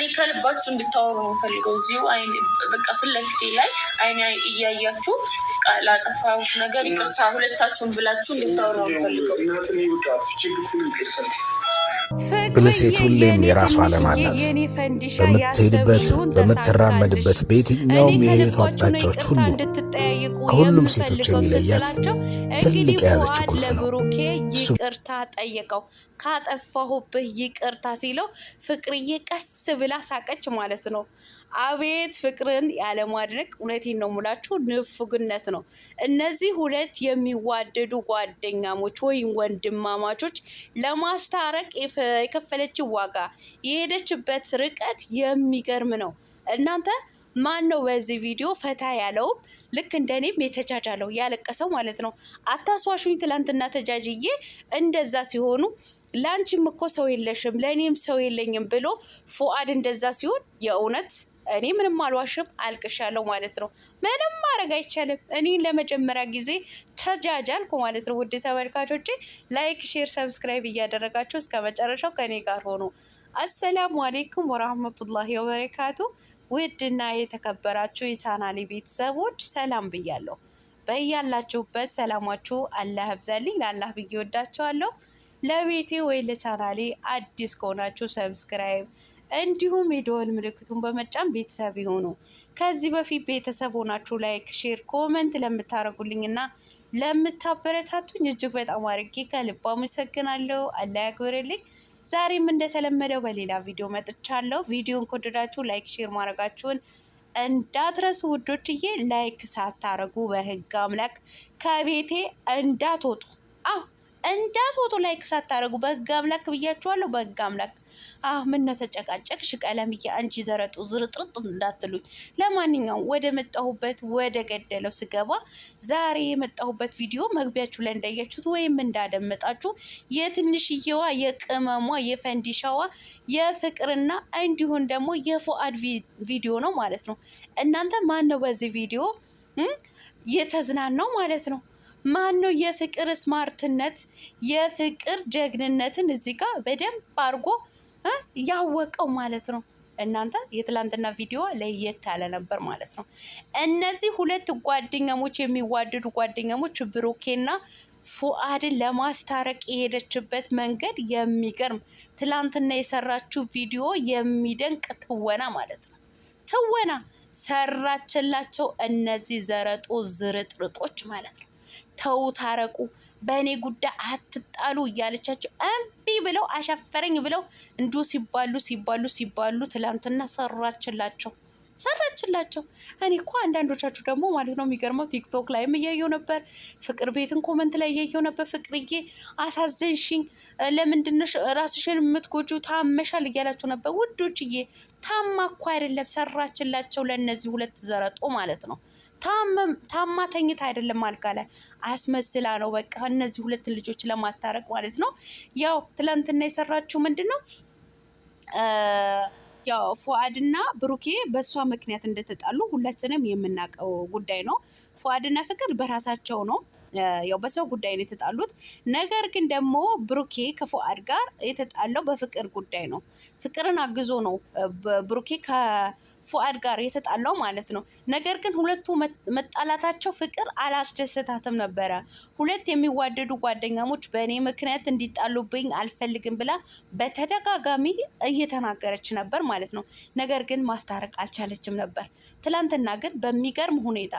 እኔ ከልባችሁ እንድታወሩ ነው ፈልገው እዚሁ በቃ ፊት ለፊቴ ላይ አይን እያያችሁ ላጠፋሁት ነገር ይቅርታ ሁለታችሁን ብላችሁ እንድታወሩ ነው ፈልገው ብልሴት ሁሌም የራሷ ዓለም አላት። በምትሄድበት በምትራመድበት፣ በየትኛውም የሕይወቷ አቅጣጫዎች ሁሉ ከሁሉም ሴቶች የሚለያት ትልቅ የያዘችው ቁልፍ ነው። ይቅርታ ጠየቀው። ካጠፋሁብህ ይቅርታ ሲለው ፍቅርዬ ቀስ ብላ ሳቀች ማለት ነው። አቤት ፍቅርን ያለማድነቅ እውነቴን ነው ሙላችሁ ንፉግነት ነው። እነዚህ ሁለት የሚዋደዱ ጓደኛሞች ወይም ወንድማማቾች ለማስታረቅ የከፈለችው ዋጋ የሄደችበት ርቀት የሚገርም ነው። እናንተ ማን ነው በዚህ ቪዲዮ ፈታ ያለውም ልክ እንደኔም የተጃጃለው ያለቀሰው ማለት ነው? አታስዋሹኝ። ትላንትና ተጃጅዬ እንደዛ ሲሆኑ ለአንቺም እኮ ሰው የለሽም ለእኔም ሰው የለኝም ብሎ ፉአድ እንደዛ ሲሆን የእውነት እኔ ምንም አልዋሽም፣ አልቅሻለሁ ማለት ነው። ምንም ማድረግ አይቻልም። እኔ ለመጀመሪያ ጊዜ ተጃጃልኩ ማለት ነው። ውድ ተመልካቾቼ ላይክ፣ ሼር፣ ሰብስክራይብ እያደረጋችሁ እስከ መጨረሻው ከእኔ ጋር ሆኑ። አሰላሙ አሌይኩም ወራህመቱላሂ ወበረካቱ። ውድና የተከበራችሁ የቻናሌ ቤተሰቦች ሰላም ብያለሁ። በያላችሁበት ሰላማችሁ አላህ ብዛልኝ። ለአላህ ብዬ ወዳችኋለሁ። ለቤቴ ወይ ለቻናሌ አዲስ ከሆናችሁ ሰብስክራይብ እንዲሁም የደወል ምልክቱን በመጫን ቤተሰብ ይሁኑ። ከዚህ በፊት ቤተሰብ ሆናችሁ ላይክ፣ ሼር፣ ኮመንት ለምታደርጉልኝና ለምታበረታቱኝ እጅግ በጣም አድርጌ ከልብ አመሰግናለሁ። አላህ ያክብርልኝ። ዛሬም እንደተለመደው በሌላ ቪዲዮ መጥቻለሁ። ቪዲዮን ከወደዳችሁ ላይክ፣ ሼር ማድረጋችሁን እንዳትረሱ ውዶችዬ። ላይክ ሳታረጉ በህግ አምላክ ከቤቴ እንዳትወጡ፣ አዎ እንዳትወጡ። ላይክ ሳታረጉ በህግ አምላክ ብያችኋለሁ። በህግ አምላክ አህ ምነው ተጨቃጨቅሽ ቀለምዬ? አንቺ ዘረጡ ዝርጥርጥ እንዳትሉኝ። ለማንኛውም ወደ መጣሁበት ወደ ገደለው ስገባ ዛሬ የመጣሁበት ቪዲዮ መግቢያችሁ ላይ እንዳያችሁት ወይም እንዳደመጣችሁ የትንሽየዋ የቅመሟ የፈንዲሻዋ የፍቅርና እንዲሁም ደግሞ የፉአድ ቪዲዮ ነው ማለት ነው። እናንተ ማን ነው በዚህ ቪዲዮ የተዝናናው ማለት ነው? ማን ነው የፍቅር ስማርትነት የፍቅር ጀግንነትን እዚህ ጋር በደንብ አድርጎ ያወቀው ማለት ነው። እናንተ የትላንትና ቪዲዮ ለየት ያለ ነበር ማለት ነው። እነዚህ ሁለት ጓደኛሞች የሚዋደዱ ጓደኛሞች ብሩኬና ፉአድን ለማስታረቅ የሄደችበት መንገድ የሚገርም ትላንትና የሰራችው ቪዲዮ የሚደንቅ ትወና ማለት ነው። ትወና ሰራችላቸው እነዚህ ዘረጦ ዝርጥርጦች ማለት ነው። ተው ታረቁ። በእኔ ጉዳይ አትጣሉ እያለቻቸው እምቢ ብለው አሻፈረኝ ብለው እንዲሁ ሲባሉ ሲባሉ ሲባሉ ትላንትና ሰራችላቸው ሰራችላቸው። እኔ እኮ አንዳንዶቻችሁ ደግሞ ማለት ነው የሚገርመው ቲክቶክ ላይም እያየው ነበር፣ ፍቅር ቤትን ኮመንት ላይ እያየው ነበር። ፍቅርዬ አሳዘንሽኝ፣ ለምንድነሽ ራስሽን የምትጎጁ ታመሻል እያላቸው ነበር። ውዶችዬ ታማ እኮ አይደለም ሰራችላቸው፣ ለእነዚህ ሁለት ዘረጦ ማለት ነው። ታማ ተኝታ አይደለም አልጋ ላይ አስመስላ ነው። በቃ እነዚህ ሁለት ልጆች ለማስታረቅ ማለት ነው። ያው ትላንትና የሰራችው ምንድን ነው? ያው ፉአድና ብሩኬ በእሷ ምክንያት እንደተጣሉ ሁላችንም የምናውቀው ጉዳይ ነው። ፉአድና ፍቅር በራሳቸው ነው ያው በሰው ጉዳይ ነው የተጣሉት። ነገር ግን ደግሞ ብሩኬ ከፉአድ ጋር የተጣለው በፍቅር ጉዳይ ነው። ፍቅርን አግዞ ነው ብሩኬ ከፉአድ ጋር የተጣለው ማለት ነው። ነገር ግን ሁለቱ መጣላታቸው ፍቅር አላስደሰታትም ነበረ። ሁለት የሚዋደዱ ጓደኛሞች በእኔ ምክንያት እንዲጣሉብኝ አልፈልግም ብላ በተደጋጋሚ እየተናገረች ነበር ማለት ነው። ነገር ግን ማስታረቅ አልቻለችም ነበር። ትላንትና ግን በሚገርም ሁኔታ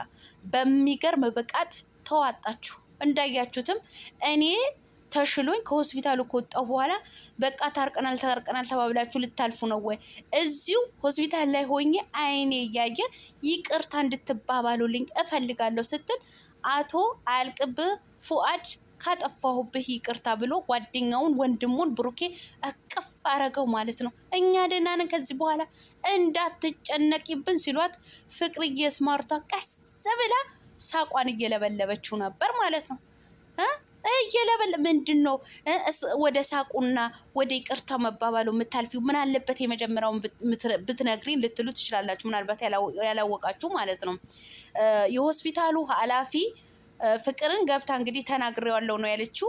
በሚገርም ብቃት ተዋጣችሁ። እንዳያችሁትም እኔ ተሽሎኝ ከሆስፒታሉ ከወጣሁ በኋላ በቃ ታርቀናል ታርቀናል ተባብላችሁ ልታልፉ ነው ወይ? እዚሁ ሆስፒታል ላይ ሆኜ አይኔ እያየ ይቅርታ እንድትባባሉልኝ እፈልጋለሁ ስትል አቶ አያልቅብ ፉአድ ካጠፋሁብህ ይቅርታ ብሎ ጓደኛውን ወንድሙን ብሩኬ እቅፍ አረገው ማለት ነው። እኛ ደህና ነን ከዚህ በኋላ እንዳትጨነቂብን ሲሏት ፍቅርዬ ስማርቷ ቀስ ብላ ሳቋን እየለበለበችው ነበር ማለት ነው። እየለበለ ምንድን ነው ወደ ሳቁና ወደ ይቅርታ መባባሉ የምታልፊው ምን አለበት የመጀመሪያውን ብትነግሪኝ ልትሉ ትችላላችሁ፣ ምናልባት ያላወቃችሁ ማለት ነው። የሆስፒታሉ ኃላፊ ፍቅርን ገብታ እንግዲህ ተናግሬዋለሁ ነው ያለችው።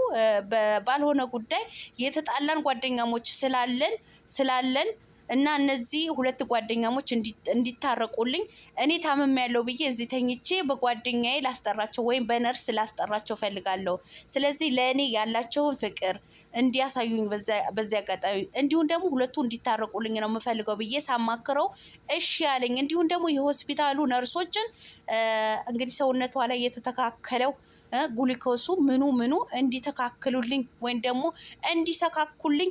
ባልሆነ ጉዳይ የተጣላን ጓደኛሞች ስላለን ስላለን እና እነዚህ ሁለት ጓደኛሞች እንዲታረቁልኝ እኔ ታመም ያለው ብዬ እዚህ ተኝቼ በጓደኛዬ ላስጠራቸው ወይም በነርስ ላስጠራቸው ፈልጋለሁ። ስለዚህ ለእኔ ያላቸውን ፍቅር እንዲያሳዩኝ በዚህ አጋጣሚ፣ እንዲሁም ደግሞ ሁለቱ እንዲታረቁልኝ ነው የምፈልገው ብዬ ሳማክረው እሺ ያለኝ። እንዲሁም ደግሞ የሆስፒታሉ ነርሶችን እንግዲህ ሰውነቷ ላይ የተተካከለው ጉሊኮሱ ምኑ ምኑ እንዲተካክሉልኝ ወይም ደግሞ እንዲሰካኩልኝ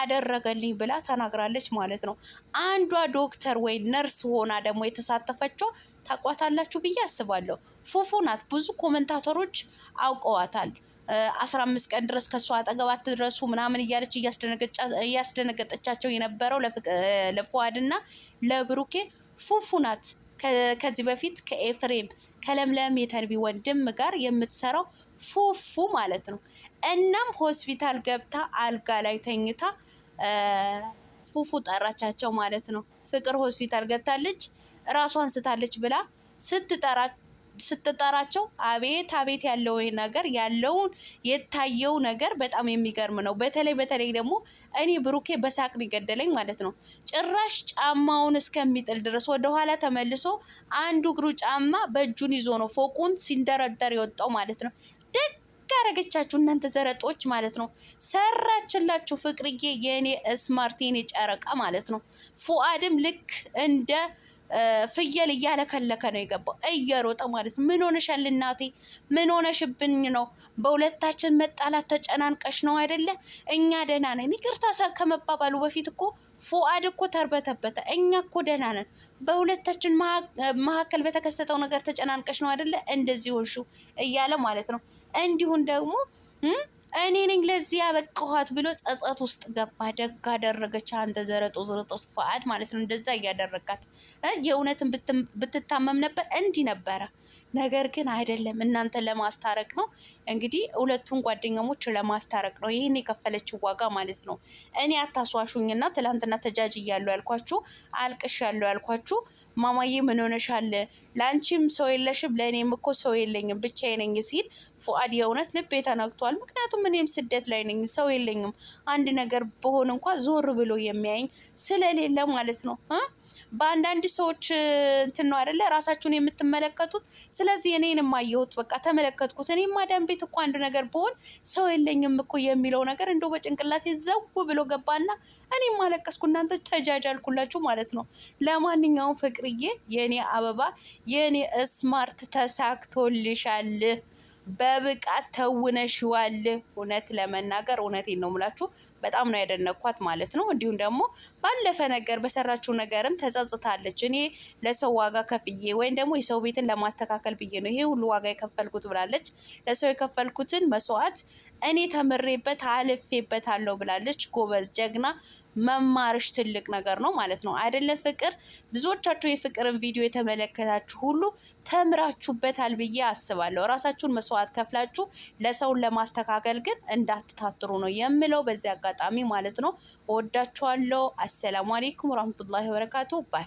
አደረገልኝ ብላ ተናግራለች ማለት ነው። አንዷ ዶክተር ወይ ነርስ ሆና ደግሞ የተሳተፈችው ታቋታላችሁ ብዬ አስባለሁ። ፉፉ ናት። ብዙ ኮመንታተሮች አውቀዋታል። አስራ አምስት ቀን ድረስ ከእሷ አጠገብ አትድረሱ ምናምን እያለች እያስደነገጠቻቸው የነበረው ለፉአድ ለብሩኬ ፉፉ ናት። ከዚህ በፊት ከኤፍሬም ከለምለም የተንቢ ወንድም ጋር የምትሰራው ፉፉ ማለት ነው። እናም ሆስፒታል ገብታ አልጋ ላይ ተኝታ ፉፉ ጠራቻቸው ማለት ነው። ፍቅር ሆስፒታል ገብታለች፣ ራሷን ስታለች ብላ ስትጠራ ስትጠራቸው አቤት አቤት ያለው ነገር ያለውን የታየው ነገር በጣም የሚገርም ነው። በተለይ በተለይ ደግሞ እኔ ብሩኬ በሳቅ ገደለኝ ማለት ነው። ጭራሽ ጫማውን እስከሚጥል ድረስ ወደኋላ ተመልሶ አንዱ እግሩ ጫማ በእጁን ይዞ ነው ፎቁን ሲንደረደር የወጣው ማለት ነው። ደግ ያረገቻችሁ እናንተ ዘረጦች ማለት ነው። ሰራችላችሁ ፍቅርዬ፣ የእኔ ስማርት፣ የኔ ጨረቃ ማለት ነው። ፉአድም ልክ እንደ ፍየል እያለከለከ ነው የገባው፣ እየሮጠ ማለት ነው። ምን ሆነሻል እናቴ? ምን ሆነሽብኝ ነው? በሁለታችን መጣላት ተጨናንቀሽ ነው አይደለ? እኛ ደህና ነን። ይቅርታ ከመባባሉ በፊት እኮ ፉአድ እኮ ተርበተበተ። እኛ እኮ ደህና ነን። በሁለታችን መካከል በተከሰተው ነገር ተጨናንቀሽ ነው አይደለ? እንደዚህ ሆንሹ እያለ ማለት ነው። እንዲሁም ደግሞ እኔ ነኝ ለዚህ ያበቃኋት ብሎ ጸጸት ውስጥ ገባ። ደግ አደረገች። አንተ ዘረጦ ዘረጦ ፈአድ ማለት ነው። እንደዛ እያደረጋት የእውነትን ብትታመም ነበር እንዲህ ነበረ። ነገር ግን አይደለም፣ እናንተ ለማስታረቅ ነው እንግዲህ ሁለቱን ጓደኛሞች ለማስታረቅ ነው ይህን የከፈለችው ዋጋ ማለት ነው። እኔ አታስዋሹኝና ትላንትና ተጃጅ እያሉ ያልኳችሁ አልቅሽ ያለው ያልኳችሁ ማማዬ ምን ሆነሻል? ለአንቺም ሰው የለሽም፣ ለእኔም እኮ ሰው የለኝም፣ ብቻ ነኝ ሲል ፉአድ የእውነት ልቤ ተነክቷል። ምክንያቱም እኔም ስደት ላይ ነኝ፣ ሰው የለኝም። አንድ ነገር በሆን እንኳ ዞር ብሎ የሚያይኝ ስለሌለ ማለት ነው። በአንዳንድ ሰዎች እንትን ነው አይደለ? ራሳችሁን የምትመለከቱት። ስለዚህ እኔንም አየሁት፣ በቃ ተመለከትኩት። እኔ ማዳም ቤት እኮ አንድ ነገር በሆን ሰው የለኝም እኮ የሚለው ነገር እንደው በጭንቅላቴ ዘው ብሎ ገባና እኔም አለቀስኩ። እናንተ ተጃጃልኩላችሁ ማለት ነው። ለማንኛውም ፍቅር ፍቅርዬ የኔ አበባ የኔ ስማርት ተሳክቶልሻል። በብቃት ተውነሽዋል። እውነት ለመናገር እውነቴን ነው የምላችሁ በጣም ነው ያደነኳት ማለት ነው። እንዲሁም ደግሞ ባለፈ ነገር በሰራችው ነገርም ተጸጽታለች። እኔ ለሰው ዋጋ ከፍዬ ወይም ደግሞ የሰው ቤትን ለማስተካከል ብዬ ነው ይሄ ሁሉ ዋጋ የከፈልኩት ብላለች። ለሰው የከፈልኩትን መስዋዕት እኔ ተምሬበት አልፌበታለሁ ብላለች። ጎበዝ ጀግና መማርሽ ትልቅ ነገር ነው ማለት ነው አይደለም ፍቅር ብዙዎቻችሁ የፍቅርን ቪዲዮ የተመለከታችሁ ሁሉ ተምራችሁበታል ብዬ አስባለሁ ራሳችሁን መስዋዕት ከፍላችሁ ለሰውን ለማስተካከል ግን እንዳትታትሩ ነው የምለው በዚህ አጋጣሚ ማለት ነው እወዳችኋለሁ አሰላሙ አሌይኩም ወራህመቱላሂ ወበረካቱ ባይ